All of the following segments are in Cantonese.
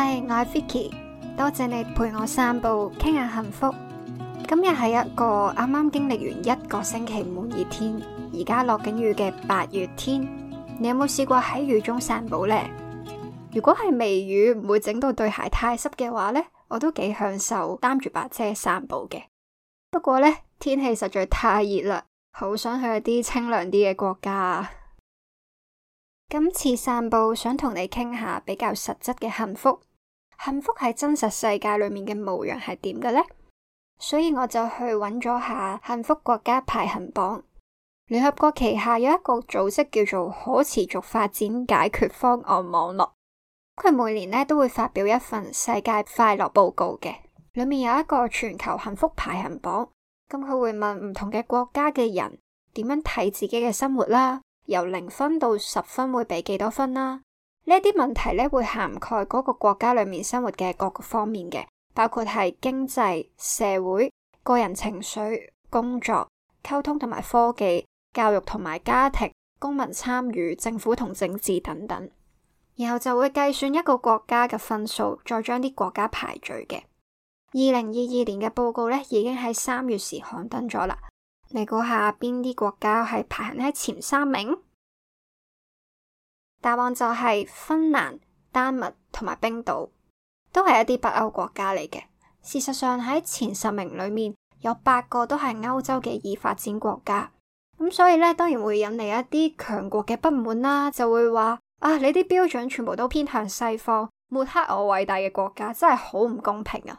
唉，Hi，我係 Vicky，多謝你陪我散步傾下幸福。今日係一個啱啱經歷完一個星期悶熱天，而家落緊雨嘅八月天。你有冇試過喺雨中散步呢？如果係微雨，唔會整到對鞋太濕嘅話呢，我都幾享受擔住把遮散步嘅。不過呢，天氣實在太熱啦，好想去一啲清涼啲嘅國家。今次散步想同你傾下比較實質嘅幸福。幸福喺真實世界裏面嘅模樣係點嘅呢？所以我就去揾咗下幸福國家排行榜。聯合國旗下有一個組織叫做可持續發展解決方案網絡，佢每年呢都會發表一份世界快樂報告嘅，裏面有一個全球幸福排行榜。咁佢會問唔同嘅國家嘅人點樣睇自己嘅生活啦，由零分到十分會俾幾多分啦？呢啲問題咧，會涵蓋嗰個國家裏面生活嘅各個方面嘅，包括係經濟、社會、個人情緒、工作、溝通同埋科技、教育同埋家庭、公民參與、政府同政治等等。然後就會計算一個國家嘅分數，再將啲國家排序嘅。二零二二年嘅報告咧，已經喺三月時刊登咗啦。你估下邊啲國家係排行喺前三名？答案就係芬蘭、丹麥同埋冰島，都係一啲北歐國家嚟嘅。事實上喺前十名裏面，有八個都係歐洲嘅已發展國家。咁所以呢，當然會引嚟一啲強國嘅不滿啦，就會話啊，你啲標準全部都偏向西方，抹黑我偉大嘅國家，真係好唔公平啊！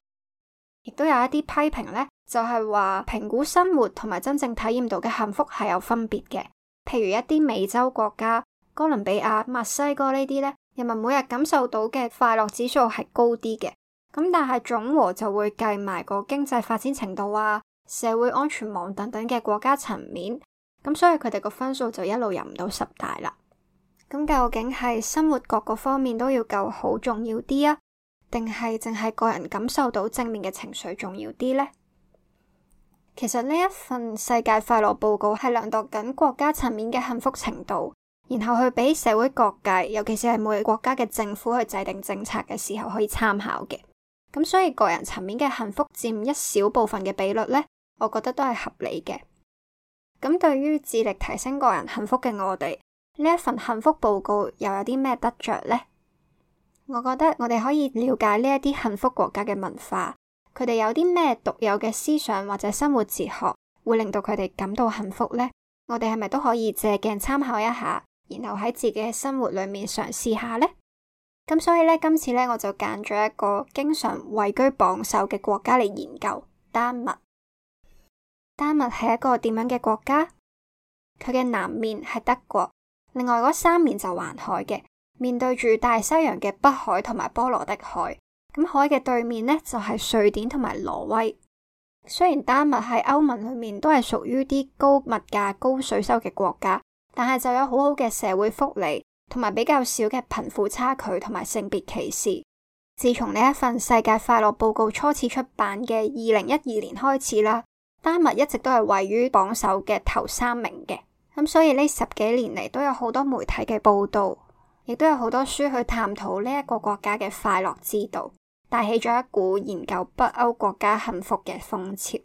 亦都有一啲批評呢，就係話評估生活同埋真正體驗到嘅幸福係有分別嘅，譬如一啲美洲國家。哥倫比亞、墨西哥呢啲呢，人民每日感受到嘅快樂指數係高啲嘅。咁但係總和就會計埋個經濟發展程度啊、社會安全網等等嘅國家層面。咁所以佢哋個分數就一路入唔到十大啦。咁究竟係生活各個方面都要夠好重要啲啊，定係淨係個人感受到正面嘅情緒重要啲咧？其實呢一份世界快樂報告係量度緊國家層面嘅幸福程度。然後去俾社會各界，尤其是係每個國家嘅政府去制定政策嘅時候，可以參考嘅。咁所以個人層面嘅幸福佔一小部分嘅比率呢，我覺得都係合理嘅。咁對於致力提升個人幸福嘅我哋，呢一份幸福報告又有啲咩得着呢？我覺得我哋可以了解呢一啲幸福國家嘅文化，佢哋有啲咩獨有嘅思想或者生活哲學，會令到佢哋感到幸福呢？我哋係咪都可以借鏡參考一下？然後喺自己嘅生活裏面嘗試下呢。咁所以呢，今次呢，我就揀咗一個經常位居榜首嘅國家嚟研究，丹麥。丹麥係一個點樣嘅國家？佢嘅南面係德國，另外嗰三面就環海嘅，面對住大西洋嘅北海同埋波羅的海。咁海嘅對面呢，就係瑞典同埋挪威。雖然丹麥喺歐盟裏面都係屬於啲高物價、高稅收嘅國家。但係就有好好嘅社會福利，同埋比較少嘅貧富差距，同埋性別歧視。自從呢一份世界快樂報告初次出版嘅二零一二年開始啦，丹麥一直都係位於榜首嘅頭三名嘅。咁所以呢十幾年嚟都有好多媒體嘅報道，亦都有好多書去探討呢一個國家嘅快樂之道，帶起咗一股研究北歐國家幸福嘅風潮。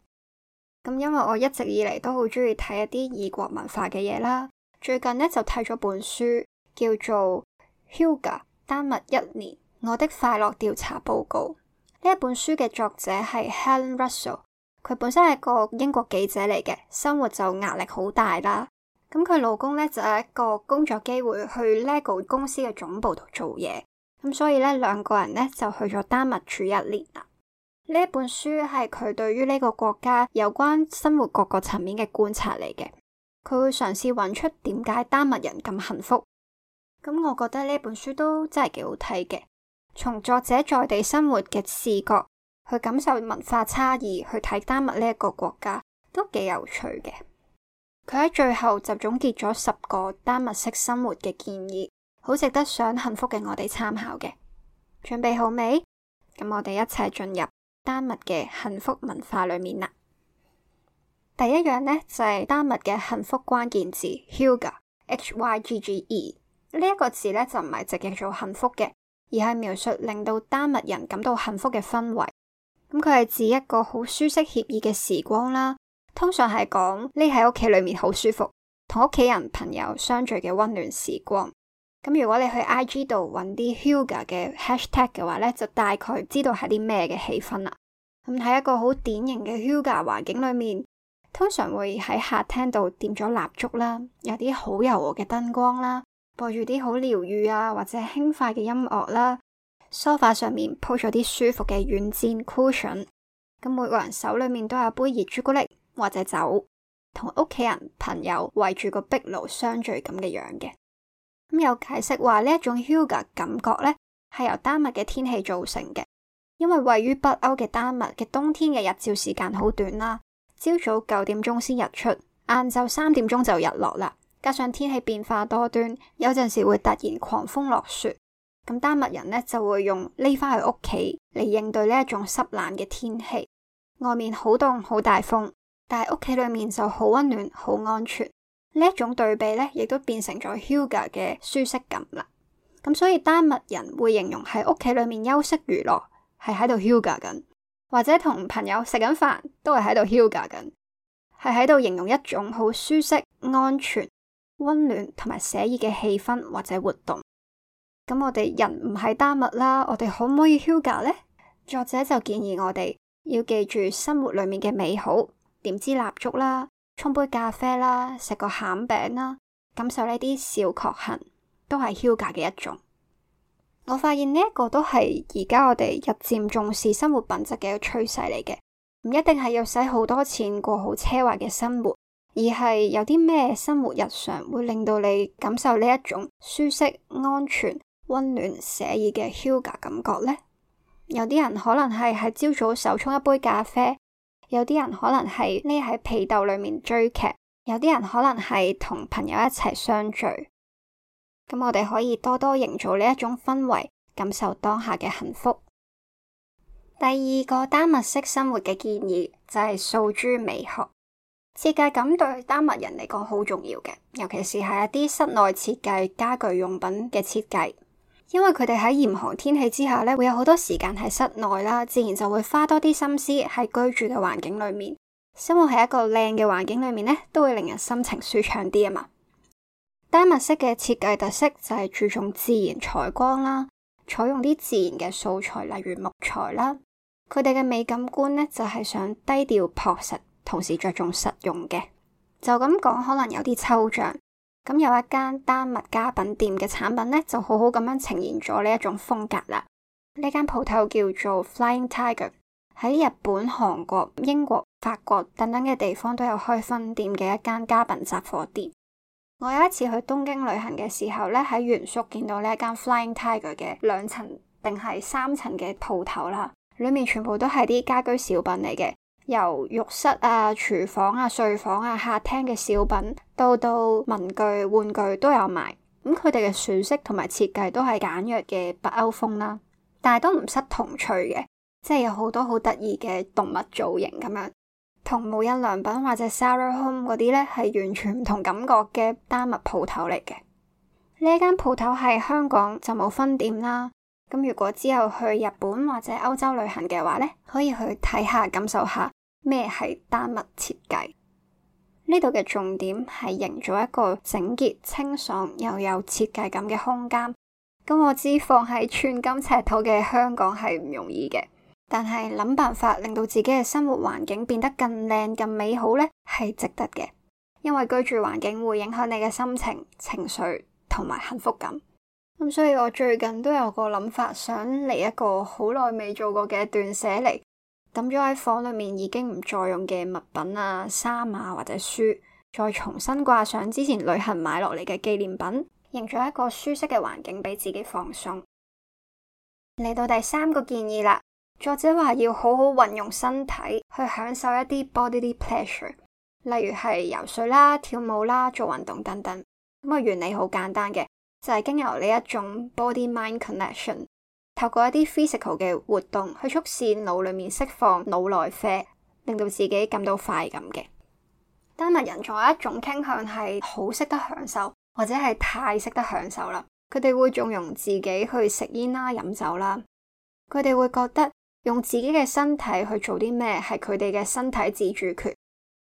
咁因為我一直以嚟都好中意睇一啲異國文化嘅嘢啦。最近咧就睇咗本書，叫做《Hygge 丹麥一年我的快樂調查報告》。呢一本書嘅作者係 Helen Russell，佢本身係一個英國記者嚟嘅，生活就壓力好大啦。咁佢老公咧就有一個工作機會去 Lego 公司嘅總部度做嘢，咁所以咧兩個人咧就去咗丹麥住一年啦。呢一本書係佢對於呢個國家有關生活各個層面嘅觀察嚟嘅。佢會嘗試揾出點解丹麥人咁幸福，咁我覺得呢本書都真係幾好睇嘅。從作者在地生活嘅視角去感受文化差異，去睇丹麥呢一個國家都幾有趣嘅。佢喺最後就總結咗十個丹麥式生活嘅建議，好值得想幸福嘅我哋參考嘅。準備好未？咁我哋一齊進入丹麥嘅幸福文化裏面啦。第一樣呢，就係、是、丹麥嘅幸福關鍵字 Hygge, h u g g h y g g e 呢一、這個字呢，就唔係直接做幸福嘅，而係描述令到丹麥人感到幸福嘅氛圍。咁佢係指一個好舒適愜意嘅時光啦，通常係講呢喺屋企裏面好舒服，同屋企人朋友相聚嘅溫暖時光。咁、嗯、如果你去 I G 度搵啲 Hygge 嘅 hashtag 嘅話呢，就大概知道係啲咩嘅氣氛啦。咁、嗯、喺一個好典型嘅 Hygge 環境裏面。通常會喺客廳度點咗蠟燭啦，有啲好柔和嘅燈光啦，播住啲好療愈啊或者輕快嘅音樂啦，梳化上面鋪咗啲舒服嘅軟氈 cushion，咁每個人手裏面都有杯熱朱古力或者酒，同屋企人朋友圍住個壁爐相聚咁嘅樣嘅。咁有解釋話呢一種 Hygge 感覺呢，係由丹麥嘅天氣造成嘅，因為位於北歐嘅丹麥嘅冬天嘅日照時間好短啦。朝早九點鐘先日出，晏晝三點鐘就日落啦。加上天氣變化多端，有陣時會突然狂風落雪，咁丹麥人呢，就會用匿返去屋企嚟應對呢一種濕冷嘅天氣。外面好凍好大風，但係屋企裏面就好溫暖好安全。呢一種對比呢，亦都變成咗 Hygge 嘅舒適感啦。咁所以丹麥人會形容喺屋企裏面休息娛樂係喺度 Hygge 緊。或者同朋友食緊飯都係喺度 hygge 緊，係喺度形容一種好舒適、安全、溫暖同埋愜意嘅氣氛或者活動。咁我哋人唔係單物啦，我哋可唔可以 hygge 呢？作者就建議我哋要記住生活裏面嘅美好，點支蠟燭啦，沖杯咖啡啦，食個餡餅啦，感受呢啲小確幸，都係 hygge 嘅一種。我發現呢一個都係而家我哋日漸重視生活品質嘅一個趨勢嚟嘅，唔一定係要使好多錢過好奢華嘅生活，而係有啲咩生活日常會令到你感受呢一種舒適、安全、溫暖、寫意嘅 Hygge 嘅感覺呢？有啲人可能係喺朝早手沖一杯咖啡，有啲人可能係匿喺被竇裏面追劇，有啲人可能係同朋友一齊相聚。咁我哋可以多多營造呢一種氛圍，感受當下嘅幸福。第二個丹麥式生活嘅建議就係訴諸美學。設計感對丹麥人嚟講好重要嘅，尤其是係一啲室內設計、家具用品嘅設計。因為佢哋喺嚴寒天氣之下呢，會有好多時間喺室內啦，自然就會花多啲心思喺居住嘅環境裏面。生活喺一個靚嘅環境裏面呢，都會令人心情舒暢啲啊嘛。丹麥式嘅設計特色就係注重自然採光啦，採用啲自然嘅素材，例如木材啦。佢哋嘅美感觀呢，就係想低調樸實，同時着重實用嘅。就咁講可能有啲抽象。咁有一間丹麥家品店嘅產品呢，就好好咁樣呈現咗呢一種風格啦。呢間鋪頭叫做 Flying Tiger，喺日本、韓國、英國、法國等等嘅地方都有開分店嘅一間家，家品雜貨店。我有一次去東京旅行嘅時候咧，喺原宿見到呢一間 Flying Tiger 嘅兩層定係三層嘅鋪頭啦，裡面全部都係啲家居小品嚟嘅，由浴室啊、廚房啊、睡房啊、客廳嘅小品，到到文具、玩具都有賣。咁佢哋嘅選色同埋設計都係簡約嘅北歐風啦，但係都唔失童趣嘅，即係有好多好得意嘅動物造型咁樣。同無印良品或者 Sarah Home 嗰啲呢，係完全唔同感覺嘅丹麥鋪頭嚟嘅。呢間鋪頭喺香港就冇分店啦。咁如果之後去日本或者歐洲旅行嘅話呢，可以去睇下感受下咩係丹麥設計。呢度嘅重點係營造一個整潔清爽又有設計感嘅空間。咁我知放喺寸金尺土嘅香港係唔容易嘅。但係諗辦法令到自己嘅生活環境變得更靚、更美好呢，係值得嘅，因為居住環境會影響你嘅心情、情緒同埋幸福感。咁所以我最近都有個諗法，想嚟一個好耐未做過嘅斷捨離，抌咗喺房裏面已經唔再用嘅物品啊、衫啊或者書，再重新掛上之前旅行買落嚟嘅紀念品，營造一個舒適嘅環境俾自己放鬆。嚟到第三個建議啦。作者話要好好運用身體去享受一啲 bodily pleasure，例如係游水啦、跳舞啦、做運動等等。咁啊，原理好簡單嘅，就係、是、經由呢一種 body mind connection，透過一啲 physical 嘅活動去促使腦裏面釋放腦內啡，令到自己感到快感嘅。丹麥人仲有一種傾向係好識得享受，或者係太識得享受啦。佢哋會縱容自己去食煙啦、飲酒啦，佢哋會覺得。用自己嘅身體去做啲咩，係佢哋嘅身體自主權。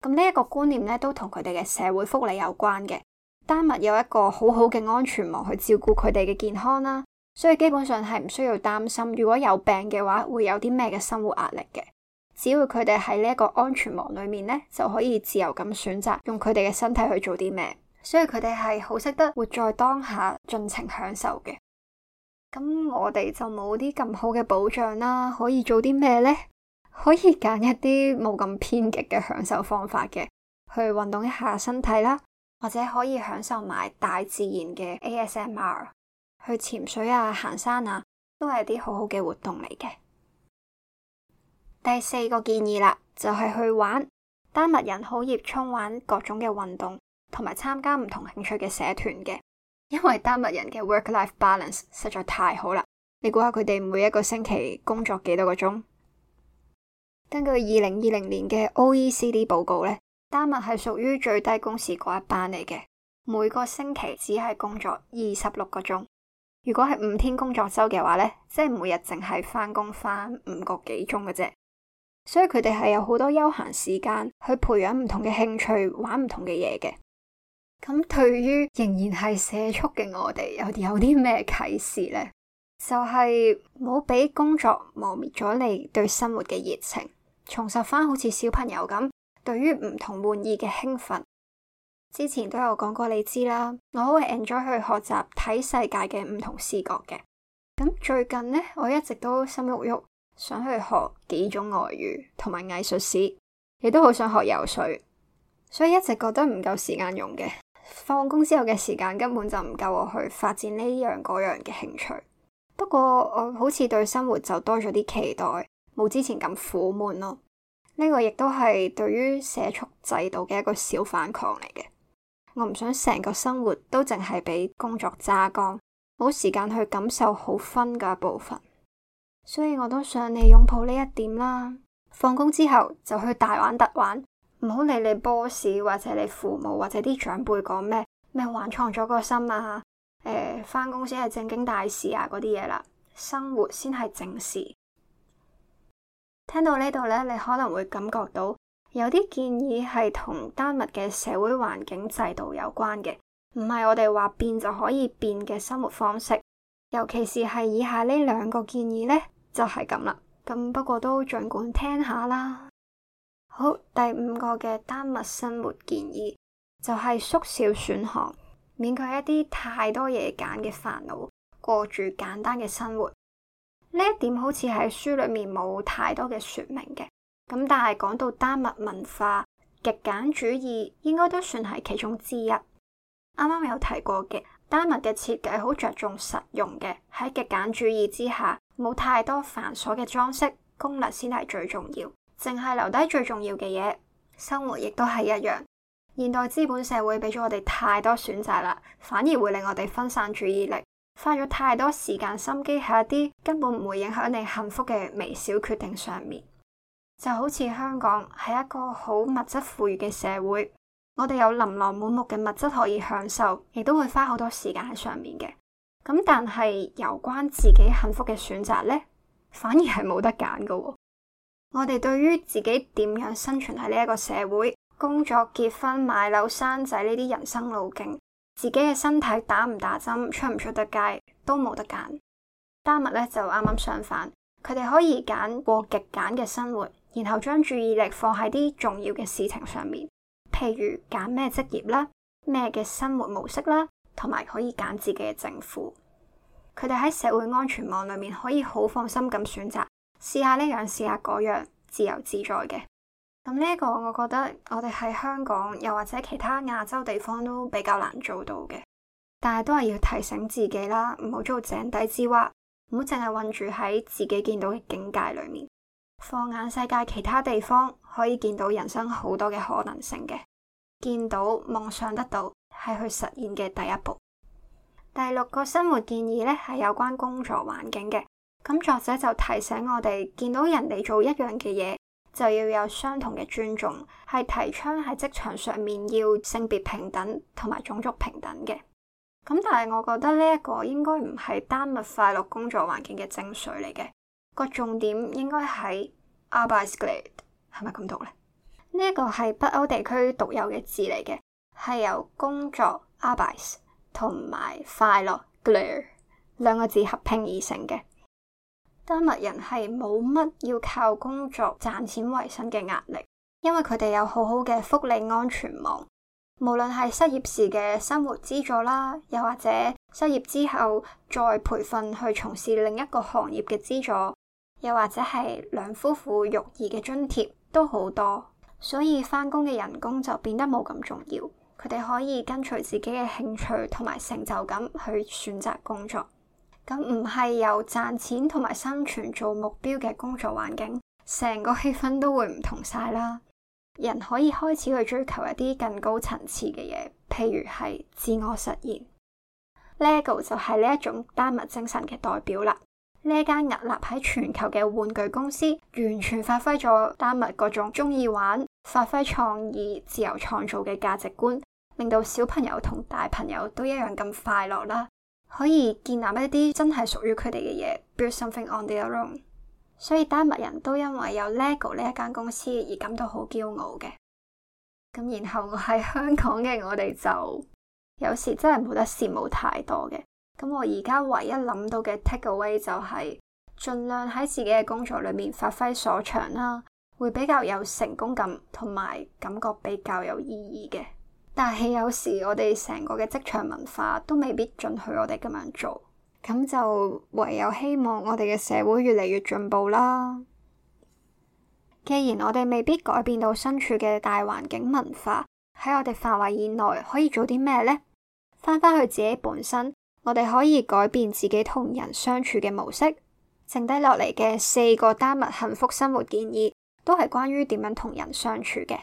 咁呢一個觀念呢，都同佢哋嘅社會福利有關嘅。丹麥有一個好好嘅安全網去照顧佢哋嘅健康啦，所以基本上係唔需要擔心。如果有病嘅話，會有啲咩嘅生活壓力嘅？只要佢哋喺呢一個安全網裏面呢，就可以自由咁選擇用佢哋嘅身體去做啲咩。所以佢哋係好識得活在當下，盡情享受嘅。咁我哋就冇啲咁好嘅保障啦，可以做啲咩呢？可以揀一啲冇咁偏激嘅享受方法嘅，去運動一下身體啦，或者可以享受埋大自然嘅 ASMR，去潛水啊、行山啊，都係啲好好嘅活動嚟嘅。第四個建議啦，就係去玩。丹麥人好熱衷玩各種嘅運動，同埋參加唔同興趣嘅社團嘅。因為丹麥人嘅 work-life balance 實在太好啦，你估下佢哋每一個星期工作幾多個鐘？根據二零二零年嘅 OECD 報告咧，丹麥係屬於最低工時嗰一班嚟嘅，每個星期只係工作二十六個鐘。如果係五天工作周嘅話呢，即係每日淨係返工返五個幾鐘嘅啫。所以佢哋係有好多休閒時間去培養唔同嘅興趣，玩唔同嘅嘢嘅。咁對於仍然係社畜嘅我哋，有有啲咩啟示呢？就係唔好俾工作磨滅咗你對生活嘅熱情，重拾翻好似小朋友咁對於唔同玩意嘅興奮。之前都有講過，你知啦，我好 enjoy 去學習睇世界嘅唔同視角嘅。咁最近呢，我一直都心郁郁，想去學幾種外語同埋藝術史，亦都好想學游水，所以一直覺得唔夠時間用嘅。放工之後嘅時間根本就唔夠我去發展呢樣嗰樣嘅興趣。不過我好似對生活就多咗啲期待，冇之前咁苦悶咯。呢個亦都係對於社畜制度嘅一個小反抗嚟嘅。我唔想成個生活都淨係俾工作揸乾，冇時間去感受好分嘅部分。所以我都想你擁抱呢一點啦。放工之後就去大玩特玩。唔好理你 boss 或者你父母或者啲長輩講咩咩玩藏咗個心啊！誒、欸，返公司係正經大事啊！嗰啲嘢啦，生活先係正事。聽到呢度呢，你可能會感覺到有啲建議係同丹麥嘅社會環境制度有關嘅，唔係我哋話變就可以變嘅生活方式。尤其是係以下呢兩個建議呢，就係咁啦。咁不過都盡管聽下啦。好，第五個嘅丹麥生活建議就係、是、縮小選項，免卻一啲太多嘢揀嘅煩惱，過住簡單嘅生活。呢一點好似喺書裏面冇太多嘅說明嘅，咁但係講到丹麥文化極簡主義，應該都算係其中之一。啱啱有提過嘅，丹麥嘅設計好着重實用嘅，喺極簡主義之下，冇太多繁瑣嘅裝飾，功能先係最重要。淨係留低最重要嘅嘢，生活亦都係一樣。現代資本社會俾咗我哋太多選擇啦，反而會令我哋分散注意力，花咗太多時間心機喺一啲根本唔會影響你幸福嘅微小決定上面。就好似香港係一個好物質富裕嘅社會，我哋有琳琅滿目嘅物質可以享受，亦都會花好多時間喺上面嘅。咁但係有關自己幸福嘅選擇呢，反而係冇得揀㗎喎。我哋對於自己點樣生存喺呢一個社會、工作、結婚、買樓、生仔呢啲人生路徑，自己嘅身體打唔打針、出唔出得街，都冇得揀。丹麥咧就啱啱相反，佢哋可以揀過極簡嘅生活，然後將注意力放喺啲重要嘅事情上面，譬如揀咩職業啦、咩嘅生活模式啦，同埋可以揀自己嘅政府。佢哋喺社會安全網裏面可以好放心咁選擇。試下呢樣，試下嗰樣，自由自在嘅。咁呢一個，我覺得我哋喺香港又或者其他亞洲地方都比較難做到嘅。但係都係要提醒自己啦，唔好做井底之蛙，唔好淨係困住喺自己見到嘅境界裏面。放眼世界其他地方，可以見到人生好多嘅可能性嘅。見到，夢想得到係去實現嘅第一步。第六個生活建議呢，係有關工作環境嘅。咁作者就提醒我哋，見到人哋做一樣嘅嘢，就要有相同嘅尊重，係提倡喺職場上面要性別平等同埋種族平等嘅。咁但係，我覺得呢一個應該唔係丹麥快樂工作環境嘅精髓嚟嘅，個重點應該係 Arbeitsglad 係咪咁讀咧？呢一個係北歐地區獨有嘅字嚟嘅，係由工作 Arbeits 同埋快樂 Glue 兩個字合併而成嘅。丹麥人係冇乜要靠工作賺錢為生嘅壓力，因為佢哋有好好嘅福利安全網，無論係失業時嘅生活資助啦，又或者失業之後再培訓去從事另一個行業嘅資助，又或者係兩夫婦育兒嘅津貼都好多，所以返工嘅人工就變得冇咁重要，佢哋可以跟隨自己嘅興趣同埋成就感去選擇工作。咁唔係由賺錢同埋生存做目標嘅工作環境，成個氣氛都會唔同晒啦。人可以開始去追求一啲更高層次嘅嘢，譬如係自我實現。LEGO 就係呢一種丹麥精神嘅代表啦。呢一間屹立喺全球嘅玩具公司，完全發揮咗丹麥各種中意玩、發揮創意、自由創造嘅價值觀，令到小朋友同大朋友都一樣咁快樂啦。可以建立一啲真係屬於佢哋嘅嘢，build something on their own。所以丹麥人都因為有 LEGO 呢一間公司而感到好驕傲嘅。咁然後我喺香港嘅我哋就有時真係冇得羨慕太多嘅。咁我而家唯一諗到嘅 take away 就係盡量喺自己嘅工作裏面發揮所長啦，會比較有成功感同埋感覺比較有意義嘅。但係有時我哋成個嘅職場文化都未必準許我哋咁樣做，咁就唯有希望我哋嘅社會越嚟越進步啦。既然我哋未必改變到身處嘅大環境文化，喺我哋範圍以內可以做啲咩咧？翻返去自己本身，我哋可以改變自己同人相處嘅模式。剩低落嚟嘅四個丹麥幸福生活建議，都係關於點樣同人相處嘅。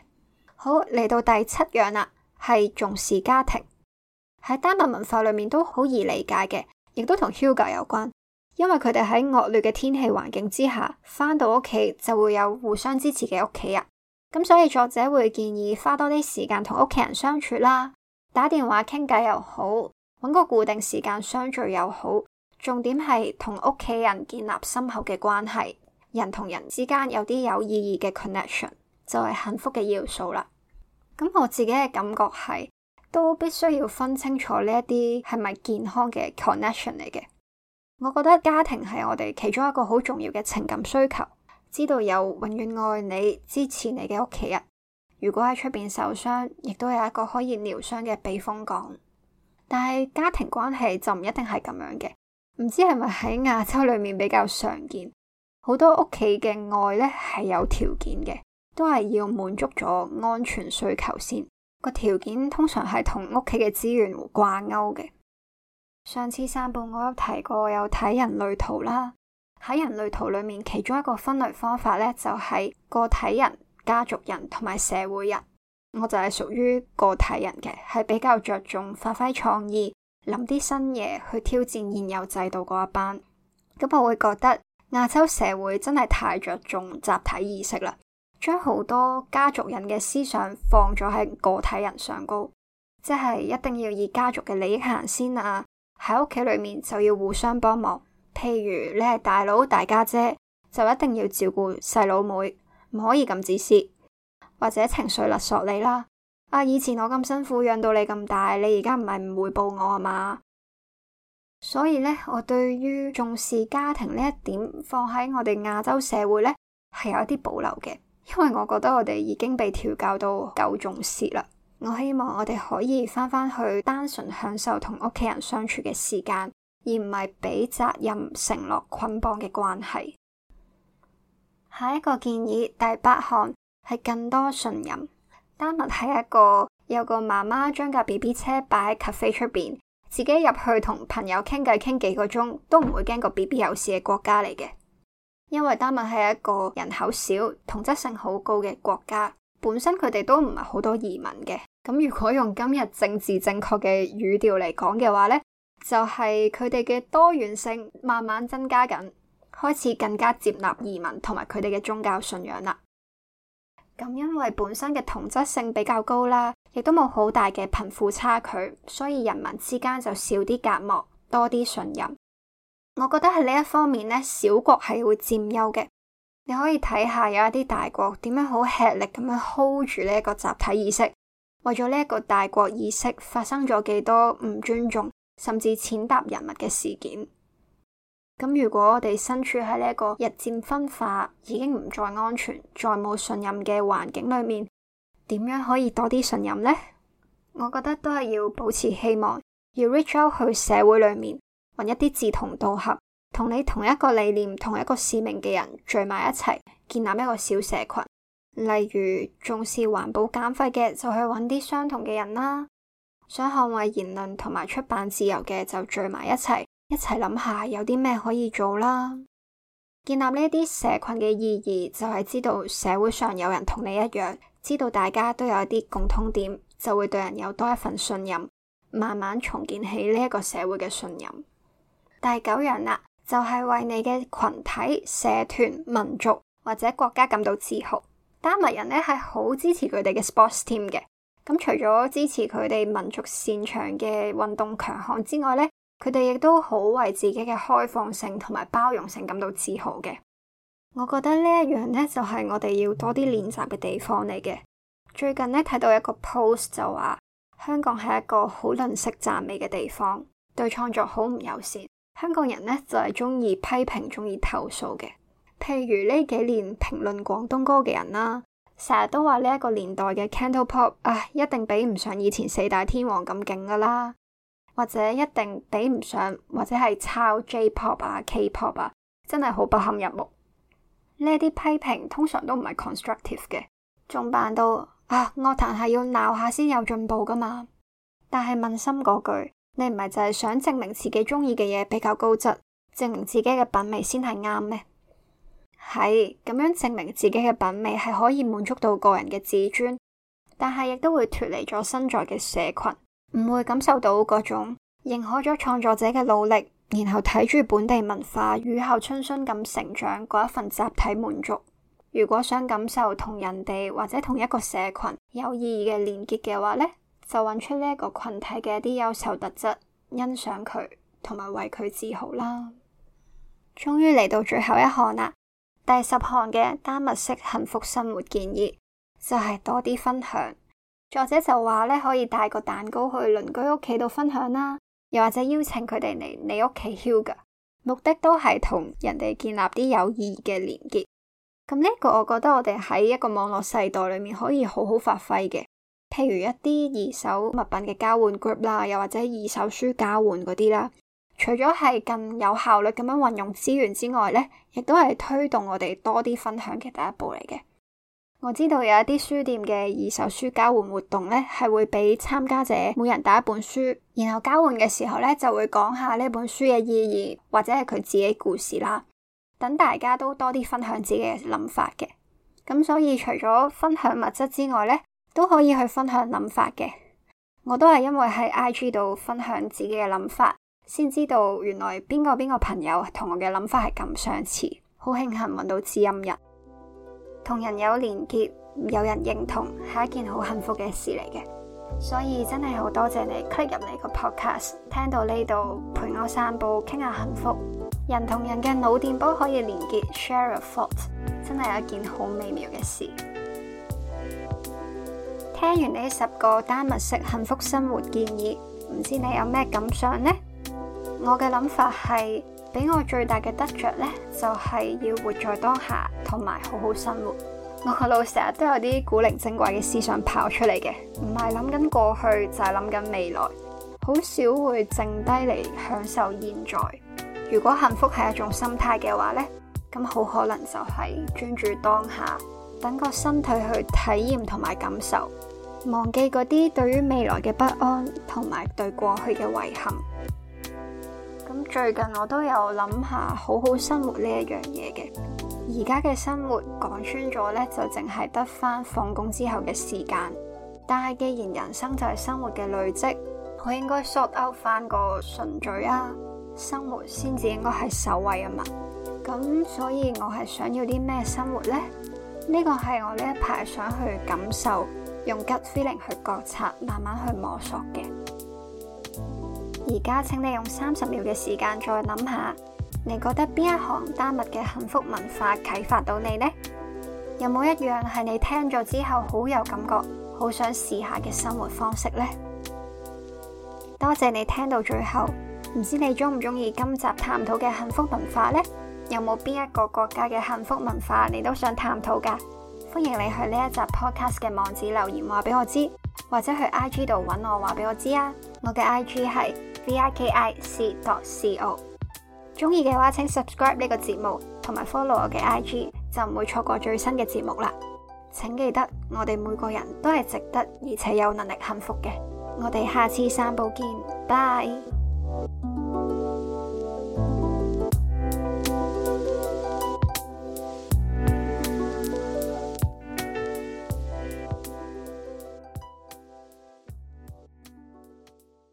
好，嚟到第七樣啦。係重視家庭，喺丹麥文化裏面都好易理解嘅，亦都同 Hygge 有關，因為佢哋喺惡劣嘅天氣環境之下，翻到屋企就會有互相支持嘅屋企人，咁所以作者會建議花多啲時間同屋企人相處啦，打電話傾偈又好，搵個固定時間相聚又好，重點係同屋企人建立深厚嘅關係，人同人之間有啲有意義嘅 connection 就係幸福嘅要素啦。咁我自己嘅感覺係，都必須要分清楚呢一啲係咪健康嘅 connection 嚟嘅。我覺得家庭係我哋其中一個好重要嘅情感需求，知道有永遠愛你、支持你嘅屋企人。如果喺出邊受傷，亦都有一個可以療傷嘅避風港。但係家庭關係就唔一定係咁樣嘅，唔知係咪喺亞洲裏面比較常見。好多屋企嘅愛呢係有條件嘅。都係要滿足咗安全需求先，個條件通常係同屋企嘅資源掛鈎嘅。上次散步我有提過，有睇人類圖啦。喺人類圖裏面，其中一個分類方法咧就係個體人、家族人同埋社會人。我就係屬於個體人嘅，係比較着重發揮創意，諗啲新嘢去挑戰現有制度嗰一班。咁我會覺得亞洲社會真係太着重集體意識啦。將好多家族人嘅思想放咗喺個體人上高，即係一定要以家族嘅利益行先啊。喺屋企裏面就要互相幫忙，譬如你係大佬大家姐，就一定要照顧細佬妹，唔可以咁自私或者情緒勒索你啦。啊，以前我咁辛苦養到你咁大，你而家唔係唔回報我啊嘛？所以呢，我對於重視家庭呢一點放喺我哋亞洲社會呢，係有一啲保留嘅。因為我覺得我哋已經被調教到夠重視啦，我希望我哋可以翻返去單純享受同屋企人相處嘅時間，而唔係俾責任承諾捆綁嘅關係。下一個建議第八項係更多信任。丹麥係一個有個媽媽將架 B B 車擺喺咖啡出邊，自己入去同朋友傾偈傾幾個鐘，都唔會驚個 B B 有事嘅國家嚟嘅。因為丹麥係一個人口少、同質性好高嘅國家，本身佢哋都唔係好多移民嘅。咁如果用今日政治正確嘅語調嚟講嘅話呢，就係佢哋嘅多元性慢慢增加緊，開始更加接納移民同埋佢哋嘅宗教信仰啦。咁因為本身嘅同質性比較高啦，亦都冇好大嘅貧富差距，所以人民之間就少啲隔膜，多啲信任。我覺得喺呢一方面咧，小國係會佔優嘅。你可以睇下有一啲大國點樣好吃力咁樣 hold 住呢一個集體意識，為咗呢一個大國意識，發生咗幾多唔尊重甚至踐踏人物嘅事件。咁如果我哋身處喺呢一個日漸分化、已經唔再安全、再冇信任嘅環境裏面，點樣可以多啲信任呢？我覺得都係要保持希望，要 reach out 去社會裏面。搵一啲志同道合、同你同一個理念、同一個使命嘅人聚埋一齊，建立一個小社群。例如，重視環保減廢嘅就去搵啲相同嘅人啦。想捍衛言論同埋出版自由嘅就聚埋一齊，一齊諗下有啲咩可以做啦。建立呢啲社群嘅意義就係知道社會上有人同你一樣，知道大家都有一啲共通點，就會對人有多一份信任，慢慢重建起呢一個社會嘅信任。第九樣啦，就係為你嘅群體、社團、民族或者國家感到自豪。丹麥人呢，係好支持佢哋嘅 sports team 嘅。咁除咗支持佢哋民族擅長嘅運動強項之外呢，佢哋亦都好為自己嘅開放性同埋包容性感到自豪嘅。我覺得呢一樣呢，就係我哋要多啲練習嘅地方嚟嘅。最近呢，睇到一個 post 就話香港係一個好吝嗇讚美嘅地方，對創作好唔友善。香港人呢，就係中意批評，中意投訴嘅。譬如呢幾年評論廣東歌嘅人啦，成日都話呢一個年代嘅 Cantopop 啊，一定比唔上以前四大天王咁勁噶啦，或者一定比唔上，或者係抄 Jpop 啊、Kpop 啊，真係好不堪入目。呢啲批評通常都唔係 constructive 嘅，仲扮到啊，樂壇係要鬧下先有進步噶嘛。但係問心嗰句。你唔係就係想證明自己鍾意嘅嘢，比較高質，證明自己嘅品味先係啱咩？係，咁樣證明自己嘅品味係可以滿足到個人嘅自尊，但係亦都會脫離咗身在嘅社群，唔會感受到嗰種認可咗創作者嘅努力，然後睇住本地文化雨後春筍咁成長嗰一份集體滿足。如果想感受同人哋或者同一個社群有意義嘅連結嘅話咧？就揾出呢一個群體嘅一啲優秀特質，欣賞佢，同埋為佢自豪啦。終於嚟到最後一行啦，第十項嘅丹麥式幸福生活建議就係、是、多啲分享。作者就話呢可以帶個蛋糕去鄰居屋企度分享啦，又或者邀請佢哋嚟你屋企囂噶，目的都係同人哋建立啲有意義嘅連結。咁、嗯、呢、呢個我覺得我哋喺一個網絡世代裏面可以好好發揮嘅。譬如一啲二手物品嘅交換 group 啦，又或者二手書交換嗰啲啦，除咗係更有效率咁樣運用資源之外呢，亦都係推動我哋多啲分享嘅第一步嚟嘅。我知道有一啲書店嘅二手書交換活動呢，係會俾參加者每人帶一本書，然後交換嘅時候呢，就會講下呢本書嘅意義或者係佢自己故事啦，等大家都多啲分享自己嘅諗法嘅。咁所以除咗分享物質之外呢，都可以去分享諗法嘅，我都係因為喺 IG 度分享自己嘅諗法，先知道原來邊個邊個朋友同我嘅諗法係咁相似，好慶幸揾到知音人，同人有連結，有人認同係一件好幸福嘅事嚟嘅，所以真係好多謝你 click 入嚟個 podcast，聽到呢度陪我散步傾下幸福，人同人嘅腦電波可以連結 share a thought，真係一件好美妙嘅事。聽完呢十個丹麥式幸福生活建議，唔知你有咩感想呢？我嘅諗法係，俾我最大嘅得着呢，就係要活在當下，同埋好好生活。我個腦成日都有啲古靈精怪嘅思想跑出嚟嘅，唔係諗緊過去，就係諗緊未來，好少會靜低嚟享受現在。如果幸福係一種心態嘅話呢，咁好可能就係專注當下。等個身體去體驗同埋感受，忘記嗰啲對於未來嘅不安同埋對過去嘅遺憾。咁最近我都有諗下好好生活呢一樣嘢嘅。而家嘅生活講穿咗呢，就淨係得翻放工之後嘅時間。但係既然人生就係生活嘅累積，我應該 sort out 翻個順序啊，生活先至應該係首位啊嘛。咁所以我係想要啲咩生活呢？呢個係我呢一排想去感受，用 gut feeling 去覺察，慢慢去摸索嘅。而家，請你用三十秒嘅時間再諗下，你覺得邊一行丹麥嘅幸福文化啟發到你呢？有冇一樣係你聽咗之後好有感覺，好想試下嘅生活方式呢？多謝你聽到最後，唔知你中唔中意今集探討嘅幸福文化呢？有冇邊一個國家嘅幸福文化你都想探討㗎？歡迎你去呢一集 podcast 嘅網址留言話俾我知，或者去 IG 度搵我話俾我知啊！我嘅 IG 係 viki.c.o。中意嘅話，請 subscribe 呢個節目，同埋 follow 我嘅 IG，就唔會錯過最新嘅節目啦。請記得，我哋每個人都係值得而且有能力幸福嘅。我哋下次散步見，拜。